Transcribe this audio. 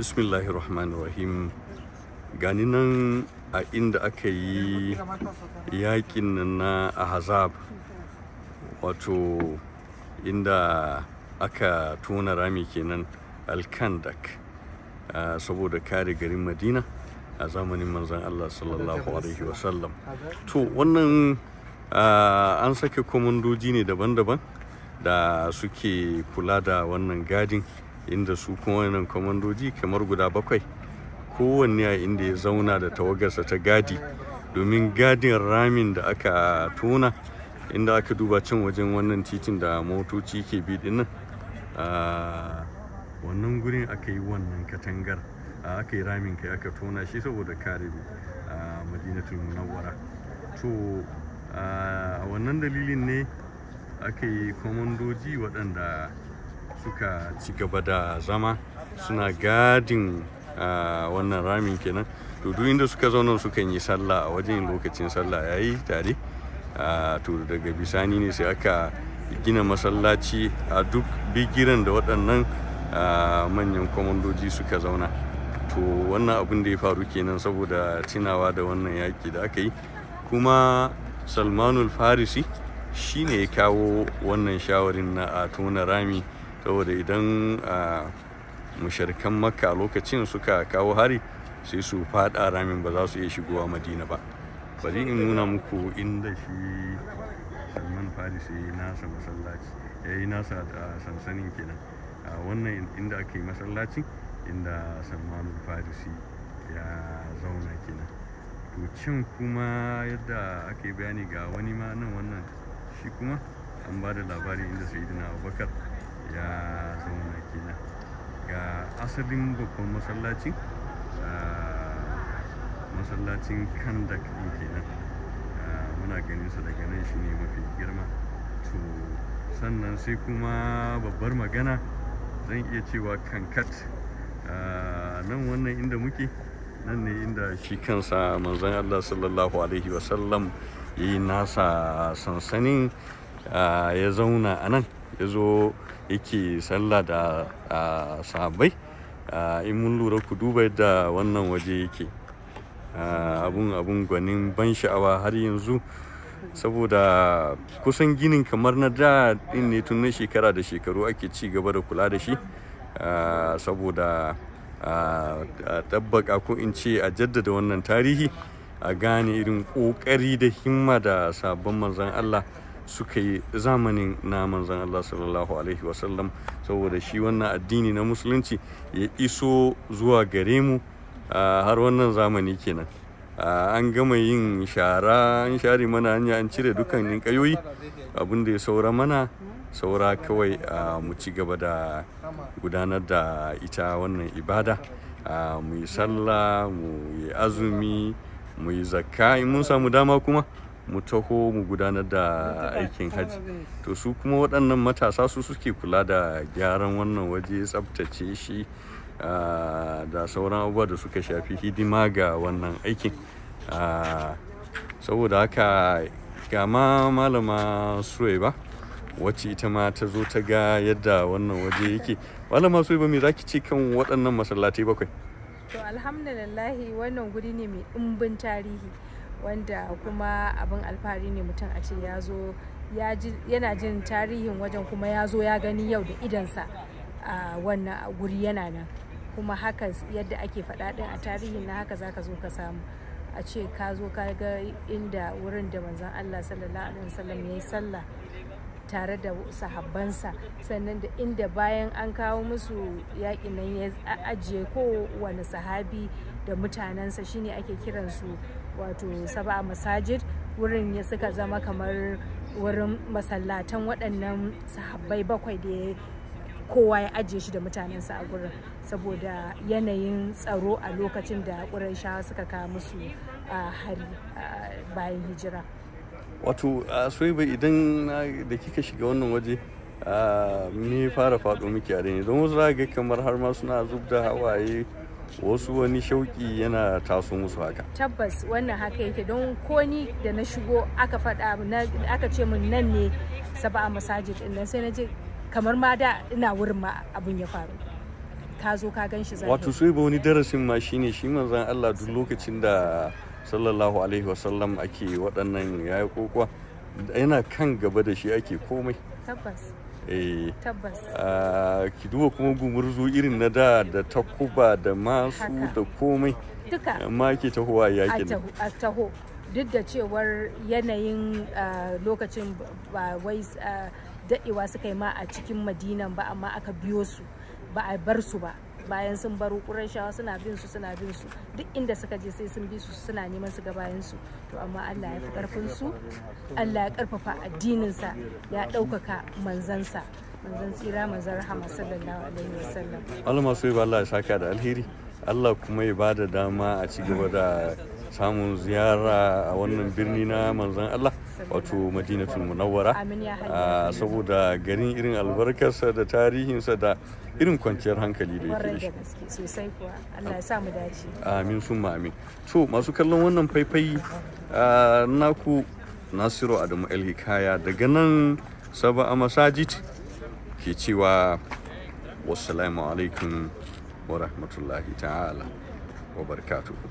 bismillahirrahmanirrahim gani nan a inda aka yi yakin nan na ahazab wato inda aka tona rami kenan alkandak ah, saboda kare garin madina a zamanin manzan allah sallallahu alaihi wasallam to wannan ah, an sake komandoji ne daban-daban da suke kula da wannan gadin inda su kuma wannan kwamandoji kamar guda bakwai kowanne a inda ya zauna da tawagarsa ta gadi domin gadin ramin da aka tona inda aka duba can wajen wannan titin da motoci ke bi dinnan a wannan gurin aka yi wannan katangar aka yi ramin kai aka tona shi saboda kare a madinatul munawwara to a wannan dalilin ne aka yi kwamandoji waɗanda suka ci gaba da zama suna gadin wannan ramin kenan to duk inda suka zauna sukan yi sallah a wajen lokacin sallah ya yi tare to daga bisani ne sai aka gina masallaci a duk bigiran da waɗannan manyan kwamandoji suka zauna to wannan abin da ya faru kenan saboda tunawa da wannan yaƙi da aka yi kuma salmanul farisi shine ya kawo wannan shawarin na a tona rami saboda idan musharkan makka lokacin suka kawo hari sai su fada ramin ba za su iya shigowa madina ba bari in nuna muku inda shi salman faris ya yi nasa masallaci ya yi nasa a sansanin kenan a wannan inda aka yi masallacin inda salman faris ya zauna kenan to cin kuma yadda aka yi bayani ga wani ma nan wannan shi kuma an ba da labari inda sai abubakar ya zauna kenan ga asalin babban masallacin masallacin kandak ɗin kenan muna ganin su daga nan shine mafi girma to sannan sai kuma babbar magana zan iya cewa kankat nan wannan inda muke nan ne inda shi kansa manzan Allah sallallahu alaihi wasallam yi nasa sansanin ya zauna a nan ya zo yake sallah da sahabbai in mun lura ku duba yadda wannan waje yake abun abun gwanin ban sha'awa har yanzu saboda kusan ginin kamar na da din ne tun na shekara da shekaru ake ci gaba da kula da shi saboda a ɗabbaka ko in ce a jaddada wannan tarihi a gane irin ƙoƙari da himma da sabon manzan Allah suka yi zamanin na manzan Allah sallallahu alaihi wasallam saboda shi wannan addini na musulunci ya iso zuwa gare mu har wannan zamani kenan an gama yin shara an share mana hanya an cire dukkanin kayoyi abin da ya saura mana saura kawai mu ci gaba da gudanar da ita wannan ibada mu yi sallah mu yi azumi mu yi zakka mun samu dama kuma mu taho mu gudanar da aikin hajji to su kuma waɗannan matasa su suke kula da gyaran wannan waje tsabtace shi ah, da sauran abubuwa da suka shafi hidima ga wannan aikin ah, saboda haka gama malama suwai ba wacce ita ma ta zo ta ga yadda wannan waje yake malama suwai ba me za ki ce kan waɗannan masallatai bakwai to alhamdulillahi wannan guri ne mai ɗumbin tarihi wanda kuma abin alfahari ne mutum a ce ya zo yana jin tarihin wajen kuma ya zo ya gani yau da idansa a wannan guri yana nan kuma haka yadda ake faɗa a tarihin na haka zaka zo ka samu a ce ka zo ka ga inda wurin da manzon Allah sallallahu alaihi wasallam ya yi sallah tare da sahabbansa sannan da inda bayan an kawo musu yaƙi nan ya ajiye kowane sahabi da mutanensa shine ake kiransu wato saba masajid wurin ya suka zama kamar wurin masallatan waɗannan sahabbai bakwai da kowa ya ajiye shi da mutanensa a gurin saboda yanayin tsaro a lokacin da ƙuraishawa suka kawo musu a hari bayan hijira wato bai idan da kika shiga wannan waje me fara faɗo miki a don wasu ga kamar har ma suna zub da hawaye wasu wani shauki yana taso musu haka tabbas wannan haka yake don ko ni da na shigo aka faɗa aka ce min nan ne saba masajid din nan sai na je kamar ma da ina wurin ma abun ya faru ka zo ka gan shi wato sai ba wani darasin ma shine shi manzon Allah duk lokacin da sallallahu alaihi wasallam ake waɗannan yayi kokowa yana kan gaba da shi ake komai tabbas eh ki duba kuma gumurzu irin na da da takuba da masu da komai amma ke tahowa yakin a taho duk da cewar yanayin lokacin ba wai daɗewa suka yi ma a cikin madinan ba amma aka biyo su ba a bar su ba bayan sun baro ƙurashawa suna bin su suna bin su duk inda suka je sai sun bi su suna neman su ga bayan su to amma Allah ya fi karfin su Allah ya karfafa addinin sa ya ɗaukaka manzansa manzon tsira manzon rahama sallallahu alaihi wasallam Allah masu yi Allah ya saka da alheri Allah kuma ya bada dama a ci gaba da samun ziyara a wannan birni na manzon Allah wato madinatul munawwara ah, saboda ganin irin albarkarsa da tarihinsa da irin kwanciyar hankali da yake shi amin sun amin to masu kallon wannan faifai ah, naku Nasiru Adamu El Hikaya daga nan saba a Masajid ke cewa wasu alaikum wa rahmatullahi ta'ala wa barkatu.